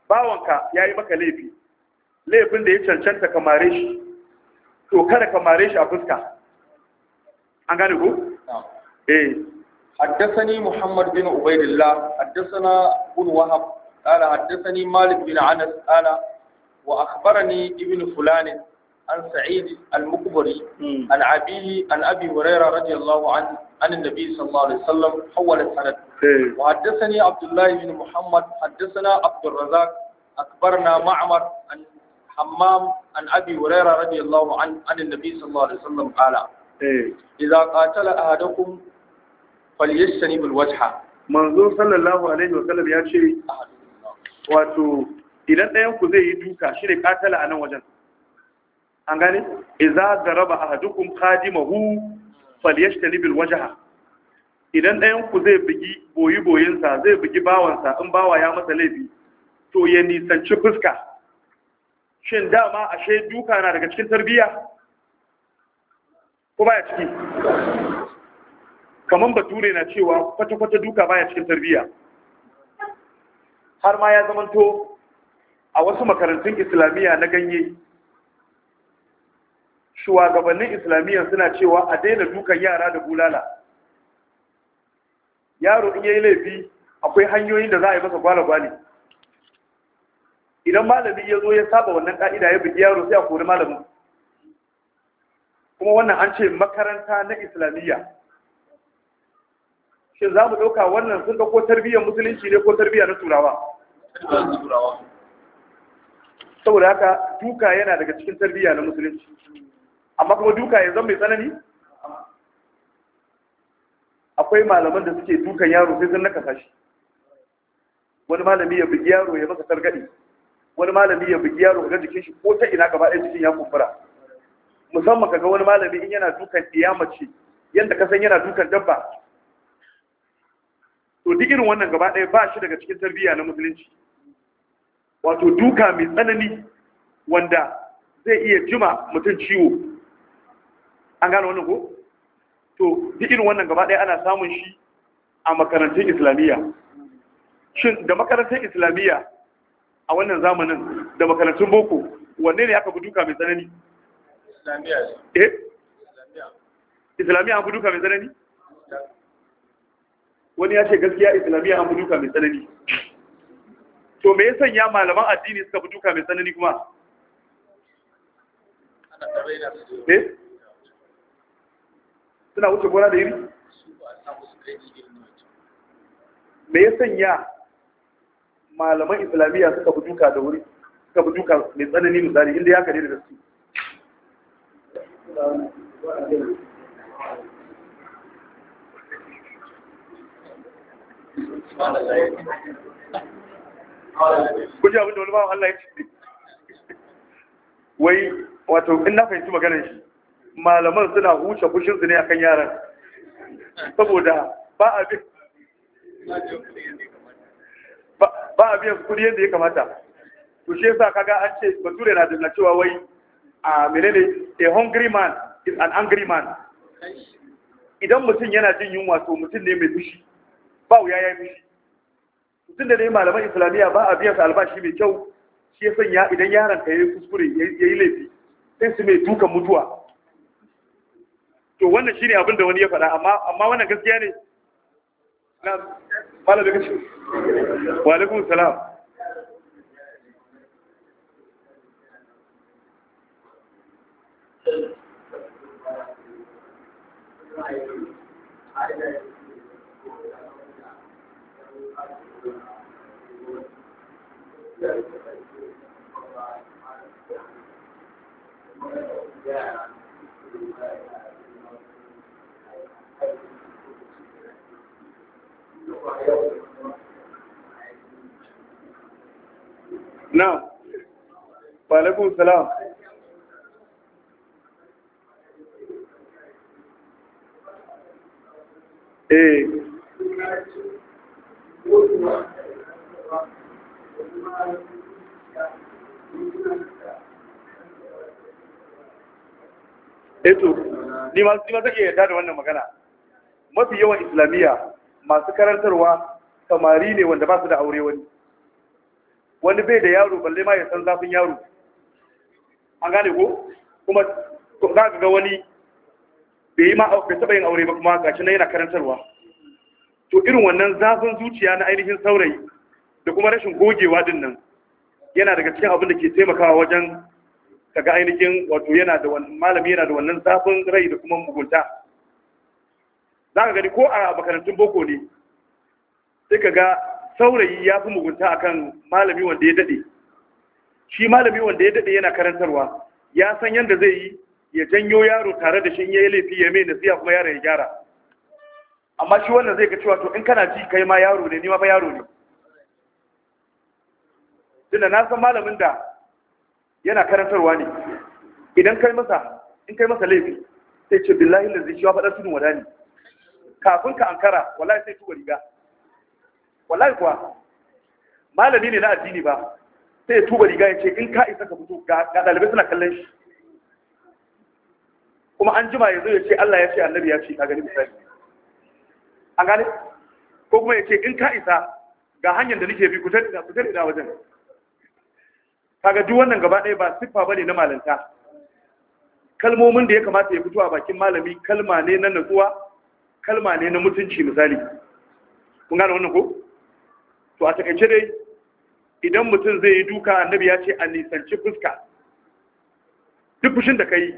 bawanka yayi maka laifi laifin da ya cancanta kamare shi to kada ka mare shi a eh. muhammad bin ubaydillah haddathana ibn wahab qala malik bin anas qala wa akhbarani ibn fulani an sa'id al-mukbari hmm. an abi an abi an an-nabi sallallahu alaihi sanad eh. wa haddathani abdullah bin muhammad haddathana abdur razzaq akhbarna ma'mar حمام عن أبي هريرة رضي الله عنه عن النبي صلى الله عليه وسلم قال إذا قاتل أحدكم فليجتنب الوجه manzo sallallahu alaihi wa sallam ya ce wato idan ɗayan ku zai yi duka shi ne katala a nan wajen an gane iza garaba ahadukum khadimahu falyashtani bil wajha idan ɗayan ku zai bugi boyi boyinsa zai bugi bawansa in bawa ya masa laifi to ya nisanci fuska shin dama ashe duka na daga cikin tarbiyya ko baya ciki kaman bature na cewa kwata-kwata duka baya cikin tarbiya har ma ya zamanto a wasu makarantun islamiyya na ganye shugabannin islamiyya suna cewa a daina dukan yara da bulala yaro in yayi laifi akwai hanyoyin da za a yi masa gwale-gwale idan malami ya zo ya saba wannan ka'ida ya bugi yaro sai a kori malamin kuma wannan an ce makaranta na islamiyya shin za mu ɗauka wannan sun ko tarbiyyar musulunci ne ko tarbiyya na turawa saboda haka duka yana daga cikin tarbiyya na musulunci amma kuma duka ya zama mai tsanani akwai malaman da suke dukan yaro sai sun na shi wani malami ya bugi yaro ya masa targadi. wani malami ya bugi yaro ga jikin shi ko ta ina gaba ɗaya jikin ya kumbura musamman kaga wani malami in yana dukan mace yadda ka san yana dukan dabba to duk irin wannan gaba ɗaya ba shi daga cikin tarbiyya na musulunci wato duka mai tsanani wanda zai iya jima mutum ciwo an gane wannan ko to duk irin wannan gaba ɗaya ana samun shi a makarantun islamiyya shin da makarantar islamiyya a wannan zamanin da makarantun boko wanne ne aka duka mai tsanani eh islamiyya an duka mai tsanani wani ya ce gaskiya islamiyya an duka mai tsanani to me yasan ya malaman addini suka fi duka mai tsanani kuma eh suna wuce gona da iri me yasan ya malaman islamiyya suka fi duka da wuri suka fi duka mai tsanani misali inda ya kare da gaske kuji abinda wani bawa Allah ya ce wai wato in na fahimci maganar shi malaman suna huce su ne akan yaran saboda ba a bi. ba a biyan kuɗi yadda ya kamata to shi yasa kaga an ce bature na da cewa wai a menene a hungry man is an angry man idan mutum yana jin yunwa to mutum ne mai fushi ba wuya ya yi fushi mutum da ne malaman islamiyya ba a biyan sa albashi mai kyau shi ya sanya idan yaron ka yayi kuskure yayi laifi sai su mai dukan mutuwa to wannan shine abin da wani ya faɗa amma amma wannan gaskiya ne mala daga ce wa salam Yeah. na falakun salam eh eto eh ni ma zai yadda da wannan magana mafi yawan islamiyya masu karantarwa samari ne wanda ba su da aure wani wani bai da yaro balle ma ya san zafin yaro an gane ko kuma za ka ga wani bai yi taɓa yin aure ba kuma shi na yana karantarwa to irin wannan zafin zuciya na ainihin saurayi da kuma rashin gogewa din nan yana daga cikin abin da ke taimakawa wajen kaga ainihin wato yana da malami yana da wannan zafin rai da kuma mugunta za ka gani ko a makarantun boko ne sai ka ga saurayi ya fi mugunta akan malami wanda ya daɗe shi malami wanda ya daɗe yana karantarwa ya san yadda zai yi ya janyo yaro tare da shi ya yi laifi ya mai nasiya kuma yaro ya gyara amma shi wannan zai ga cewa to in kana ji kai ma yaro ne ni ma fa yaro ne tunda na san malamin da yana karantarwa ne idan kai masa in kai masa laifi sai ce billahi lazi shi wa faɗar tudun wada ne kafin ka ankara wallahi sai tuba riga wallahi kuwa malami ne na addini ba sai tuba riga ya ce in ka isa ka fito ga ɗalibai suna kallon shi kuma an jima ya zo ya ce Allah ya ce annabi ya ce ka gani misali an gane ko kuma ya ce in ka isa ga hanyar da nake bi ku tare da ku tare da wajen kaga duk wannan gaba ɗaya ba siffa bane na malanta kalmomin da ya kamata ya fito a bakin malami kalma ne na natsuwa kalma ne na mutunci misali kun gane wannan ko to a takaice dai idan mutum zai yi duka annabi ya ce a nisanci fuska duk fushin da ka yi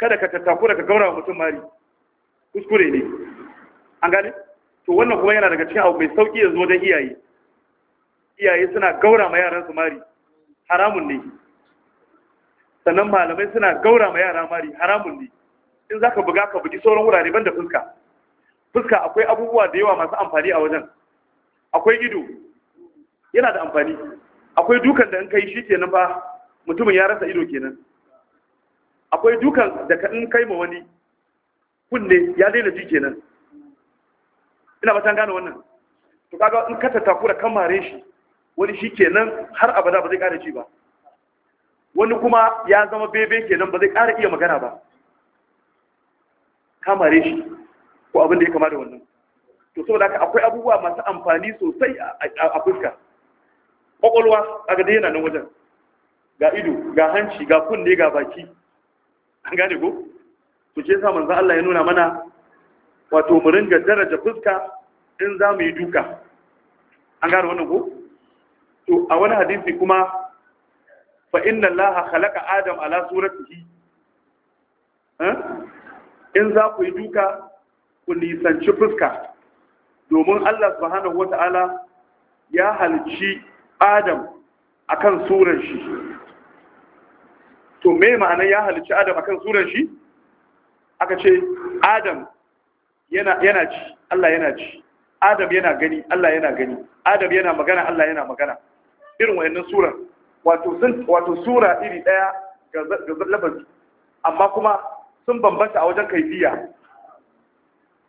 kada ka tattakura ka gaura wa mutum mari kuskure ne an gane to wannan kuma yana daga cikin abu mai sauki ya zo don iyaye iyaye suna gaura ma yaran su mari haramun ne sannan malamai suna gaura ma yara mari haramun ne in za ka buga ka bugi sauran wurare ban da fuska fuska akwai abubuwa da yawa masu amfani a wajen akwai ido yana da amfani akwai dukan da in kai shi kenan ba mutumin ya rasa ido kenan akwai dukan da in kai ma wani kunne ya daina ji kenan ina ba ta gane wannan to kaga in ka tattaku da mare shi wani shi kenan har abada ba zai kare ci ba wani kuma ya zama bebe kenan ba zai kare iya magana ba kamare shi ko abin da ya kama da wannan to saboda haka akwai abubuwa masu amfani sosai a fuska kwakwalwa a ga yana nan wajen ga ido ga hanci ga kunne ga baki an gane ko to ce sa manzo Allah ya nuna mana wato mu ringa daraja fuska in za mu yi duka an gane wannan ko to a wani hadisi kuma fa inna Allah khalaqa Adam ala suratihi in za ku yi duka ku nisanci fuska domin Allah subhanahu wata'ala ya halci Adam akan suran shi to me ma'ana ya halci Adam akan suran shi aka ce Adam yana yana ci Allah yana ci Adam yana gani Allah yana gani Adam yana magana Allah yana magana irin wayannan sura wato sun wato sura iri daya ga labarin amma kuma sun bambanta a wajen kaifiya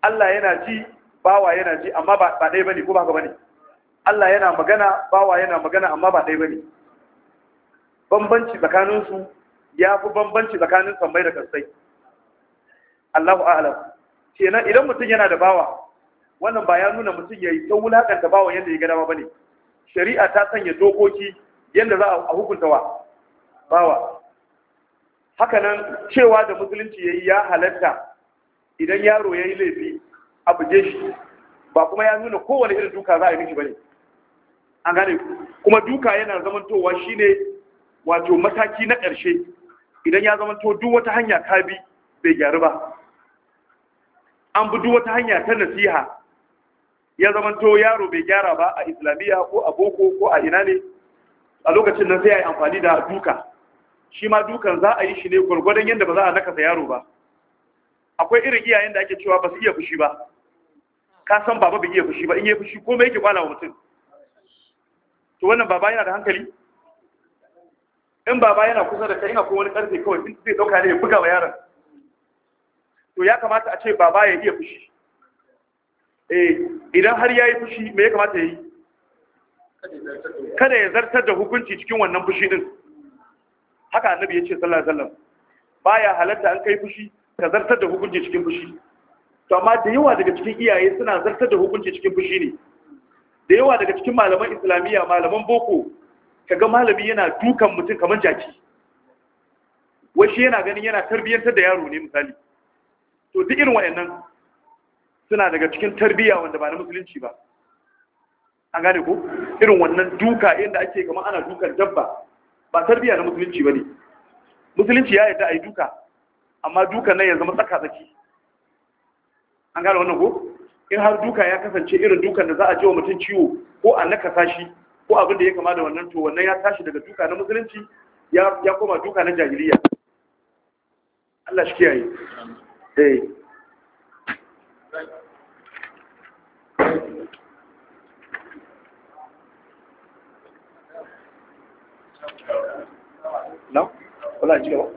Allah yana ji bawa yana ji amma ba ɗaya bane ko ba haka bane Allah yana magana bawa yana magana amma ba ɗaya bane bambanci tsakanin su ya fi bambanci tsakanin sammai da kansai. Allahu a'lam kenan idan mutum yana da bawa wannan ba ya nuna mutum ya yi ta wulakanta bawa yadda ya ga dama bane shari'a ta sanya dokoki yadda za a hukunta wa bawa hakanan cewa da musulunci yayi ya halatta idan yaro ya yi laifi a buje shi ba kuma ya nuna kowane irin duka za a yi mishi ne. an gane kuma duka yana zamantowa shine wato mataki na ƙarshe idan ya zamanto duk wata hanya ka bi bai gyaru ba an bi duk wata hanya ta nasiha ya zamanto yaro bai gyara ba a islamiyya ko a boko ko a ina ne a lokacin nan sai ya yi amfani da duka shi ma dukan za a yi shi ne gwargwadon yadda ba za a nakasa yaro ba akwai irin iyayen da ake cewa ba su iya fushi ba ka san baba bai iya fushi ba in yi fushi ko mai yake kwala wa mutum to wannan baba yana da hankali in baba yana kusa da kai ina ko wani karfe kawai bin zai dauka ne ya buga wa yaron to ya kamata a ce baba ya iya fushi eh idan har yayi fushi me ya kamata yayi kada ya zartar da hukunci cikin wannan fushi din haka annabi ya ce sallallahu alaihi wasallam baya halatta an kai fushi ka zartar da hukunci cikin fushi to amma da yawa daga cikin iyaye suna zartar da hukunci cikin fushi ne da yawa daga cikin malaman islamiyya malaman boko kaga malami yana dukan mutum kamar jaki wai shi yana ganin yana tarbiyyantar da yaro ne misali to duk irin wayannan suna daga cikin tarbiyya wanda ba na musulunci ba an gane ko irin wannan duka inda ake kamar ana dukan dabba ba tarbiyya na musulunci ba ne musulunci ya yarda a yi duka amma duka nan ya zama tsaka-tsaki an gane wannan ko in har duka ya kasance irin dukan da za a ji wa mutum ciwo ko a nakasa shi ko abin da ya kama da wannan to wannan ya tashi daga duka na musulunci ya koma duka na jahiliya Allah shi kiyaye eh No? Wala ji gaba?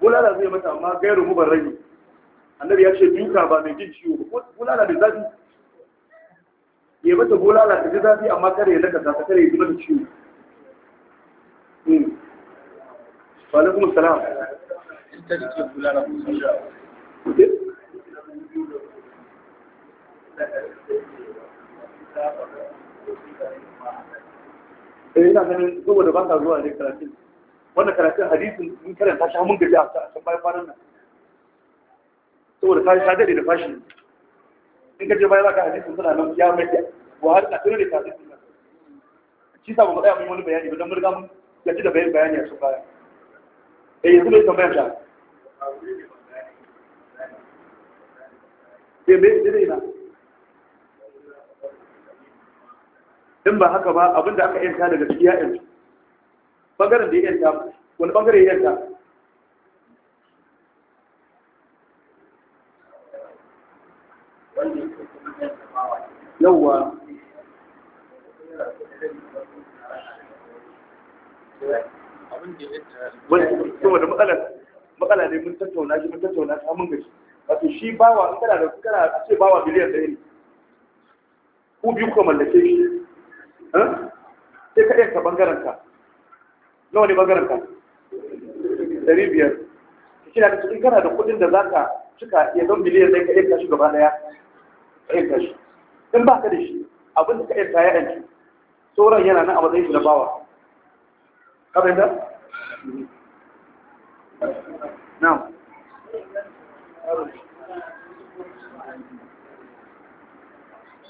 bulala zai mata amma gairu mu rage. annabi ya ce duka ba mai jin ciwo bulala mai zafi ya mata bulala ta ji zafi amma kare ya nakasa ta kare ya ji mata ciwo na hmm. kuma salam ita da ke kula da kusan da eh ina ganin saboda ba ka zuwa ne karatun wannan karatun hadisin mun karanta shi mun gaji a can bayan kwanan nan saboda ka ka dade da fashi in ka je bayan za ka hadisin suna nan ya mai wa har ka tuna da hadisin nan shi sa ba mu tsaya mun wani bayani ba don mun riga mun gaji da bayani a sun baya eh yanzu bai tambayar ta in ba haka ba abinda aka yanta daga ciki ya yanta bangaren da ya yanta wani bangare ya yanta tattauna shi mun tattauna shi mun gaji wato shi bawa in kana da kana a ce bawa miliyan ɗaya ne ku biyu kuka mallake shi eh? sai ka ɗaya bangaren ka nawa ne bangaren ka ɗari biyar shi na kana da kuɗin da za ka cika ya zan miliyan ɗaya ka ɗaya shi gaba ɗaya ka ɗaya shi in ba ka da shi abin da ka ɗaya ya ɗanci sauran yana nan a matsayin shi na bawa ka fahimta? na'am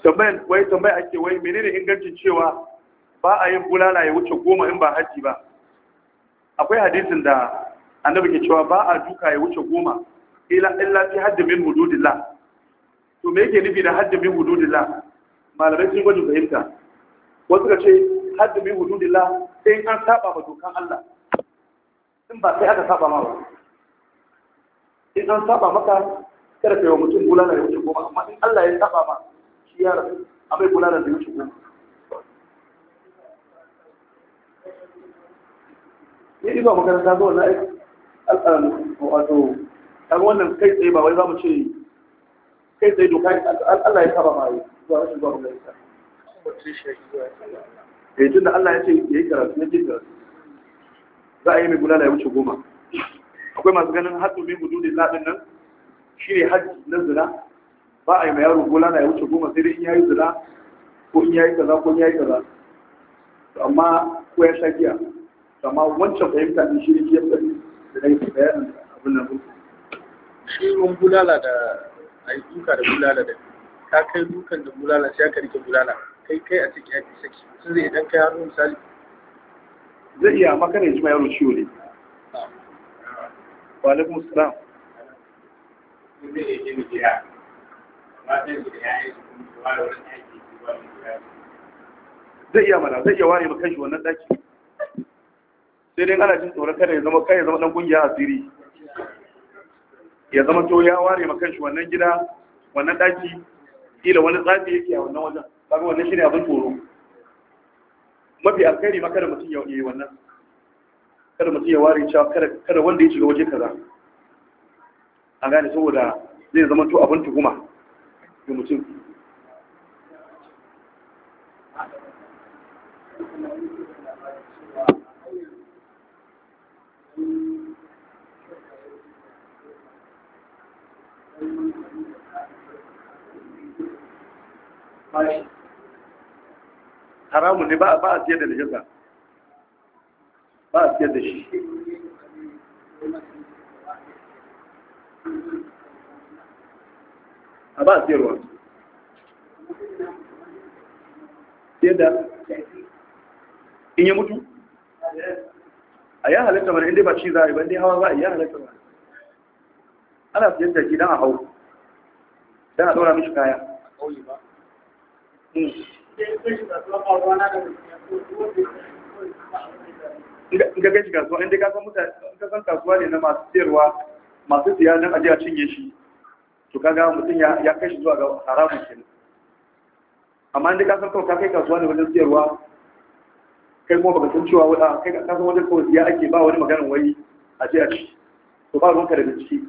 tambayan wai tambaya ake wai menene ingancin cewa ba a yin bulala ya wuce goma in ba haji ba akwai hadisin da annabi ke cewa ba a duka ya wuce goma ila illa fi haddi min hududillah to me yake nufi da haddi min hududillah malamai sun gwajin fahimta wasu ka ce haddi min hududillah in an saba ba dokan Allah in ba sai aka saba ma ba in an saba maka kada ka yi wa mutum bulala da wuce goma amma in Allah ya saba ma shi ya rasu a mai bulala da wuce goma ya izuwa makaranta zuwa na aiki al'adun wato kan wannan kai tsaye ba wai za mu ce kai tsaye doka Allah ya saba ma yi zuwa rashin zuwa makaranta ya yi eh, tun da Allah ya ce ya yi karatu ya ce karatu za a yi mai bulala ya wuce goma akwai masu ganin hatsu min hududin ladin nan shi ne hajji na zina ba a yi ma yaro gola na ya wuce goma sai dai in yayi zina ko in yayi kaza ko in yayi kaza amma ko ya sha amma wancan fahimta ne shi ne ya fi da dai bayanin abin nan shi ruwan bulala da a yi duka da bulala da ka kai dukan da bulala sai ka rike bulala kai kai a cikin ake saki sun zai idan kai hannu misali zai iya maka ne ji ma yaro ciwo ne wa alaikum salam zai iya mana zai iya ware ma kanshi wannan daki sai dai ana jin tsoron kada ya zama kai ya zama dan kungiya asiri ya zama to ya ware ma kanshi wannan gida wannan daki kila wani tsafi yake a wannan wajen kaga wannan shine abin tsoro mafi alkhairi maka da mutum ya yi wannan kada mutum ya ware cewa kada wanda ya shiga waje kaza a gane saboda zai zama to abin tuhuma ga mutum haramun ne ba a siyar da nijinsa ba a siyar da shi a ba a siyarwa siyar in ya mutu a ya halitta mana inda ba ci za a yi ba inda hawa ba a ya halitta mana ana siyar da gidan a hau don a ɗora mishi kaya a hmm. in ka gaji kasuwa inda ka kasuwa ne na masu siyarwa masu siya don aje a cinye shi to kaga mutum ya ya kai shi zuwa ga haramun kenan amma inda ka kawai kai kasuwa ne wajen siyarwa kai kuma baka san cewa wai ah, kai ka san wajen kawai siya ake ba wani maganin wai aje a ci to ba ruwanka daga ciki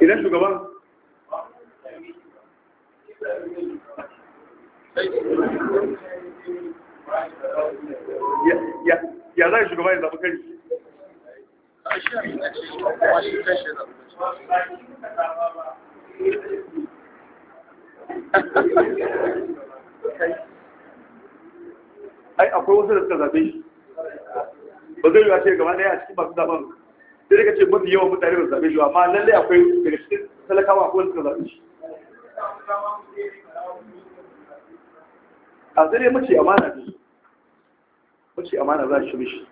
idan shugaban ya za shugaba ya zaɓi ai akwai wasu da suka zaɓe shi ba zai ce gaba ɗaya a cikin masu sai ce mafi yawan mutane ba zaɓe shi amma lallai akwai daga cikin talakawa akwai suka zaɓe shi a zare mace amana su mace amana za shi mishi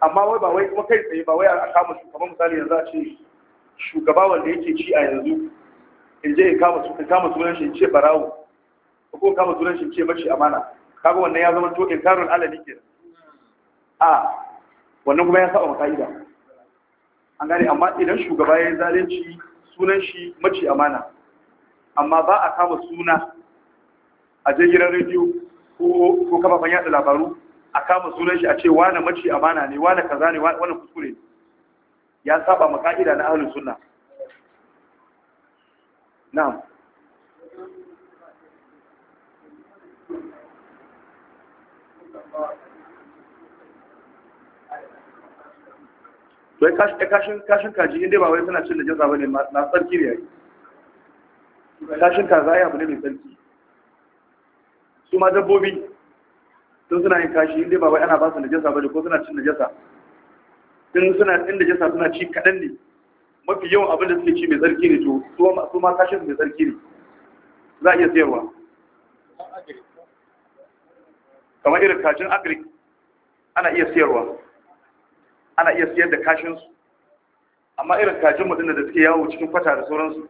amma wai ba wai kuma kai tsaye ba wai a kama su kamar misali yanzu a ce shugaba wanda yake ci a yanzu in je in kama su in kama sunan shi in ce barawo ko kama sunan shi in ce mace amana kaga wannan ya zama to inkarun alali kenan a wannan kuma ya saba maka'ida? ka'ida an gane amma idan shugaba ya yi zalunci sunan shi mace amana amma ba a kama suna a je gidan rediyo ko kafafen yada labaru a kama sunan shi a ce wane mace amana ne wane kaza ne wane kuskure ya saba maka'ida na ahalin suna. na to ya kashin kashin kaji inda ba wai suna cin da jinsa bane na tsarki ne yayi kashin kaza ya abu ne mai tsarki su ma dabbobi sun suna yin kashi inda ba wai ana ba su najasa ba ko suna cin najasa sun suna cin najasa suna ci kaɗan ne mafi yawan abin da suke ci mai tsarki ne to su ma kashin mai tsarki ne za a iya sayarwa kamar irin kashin agric ana iya sayarwa ana iya sayar da kashinsu amma irin kajin mutum da suke yawo cikin kwata da sauransu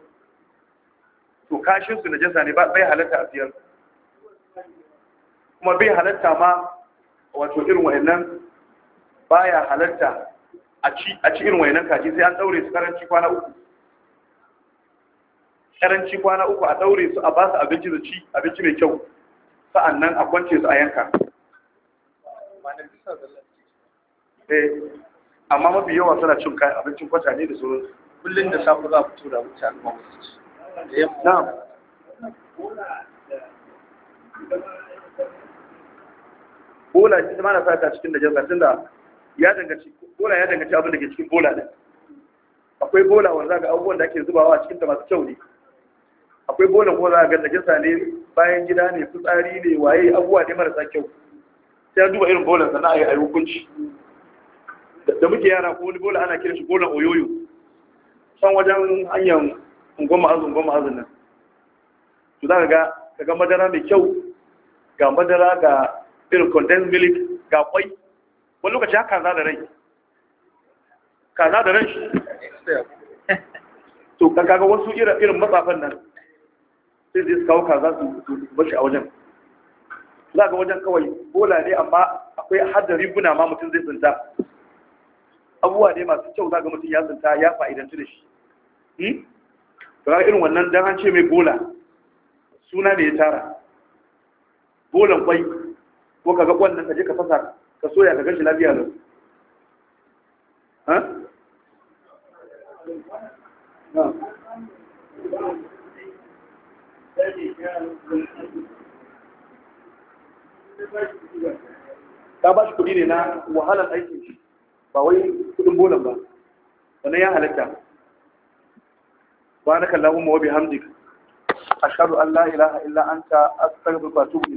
to kashinsu najasa ne bai halatta a siyar kuma bai halatta ma wato irin wayannan baya halatta a ci a ci irin wayannan kaji sai an daure su karanci kwana uku karanci kwana uku a daure su a ba su abinci da ci abinci mai kyau sa'annan a kwance su a yanka eh, amma mafi yawa suna cin kai abincin kwata ne da sauransu kullum da safe za a fito da mutane ma wasu ci na'am bola shi ma na sa ta cikin najasa da ya danganci bola ya danganci abin da ke cikin bola din akwai bola wanda ga abubuwan da ake zubawa a cikin ta masu kyau ne akwai bola ko za ga najasa ne bayan gida ne fitsari ne waye abubuwa ne marasa kyau sai an duba irin bolan sannan a yi hukunci da muke yara ko wani bola ana kiran shi bolan oyoyo can wajen hanyar ungoma azu ungoma azu nan to za ga ga madara mai kyau ga madara ga irin condensed milk ga kwai wani lokaci haka za da rai kaza da ran shi to kaga wasu irin matsafan nan sai zai su kawo kaza su bashi a wajen za ga wajen kawai bola ne amma akwai hada riguna ma mutum zai tsinta abubuwa ne masu kyau za ga mutum ya tsinta ya fa'idantu da shi hmm? to ga irin wannan dan an ce mai bola suna ne ya tara bolan kwai ko ka ga wannan ka je ka fasa ka soya ka gashi lafiya lau ta ba shi kudi ne na wahalar aikin shi ba wai kudin bolan ba wannan ya halatta ba na kallahun mawabi hamdik ashadu an la ilaha illa anta a wa atubu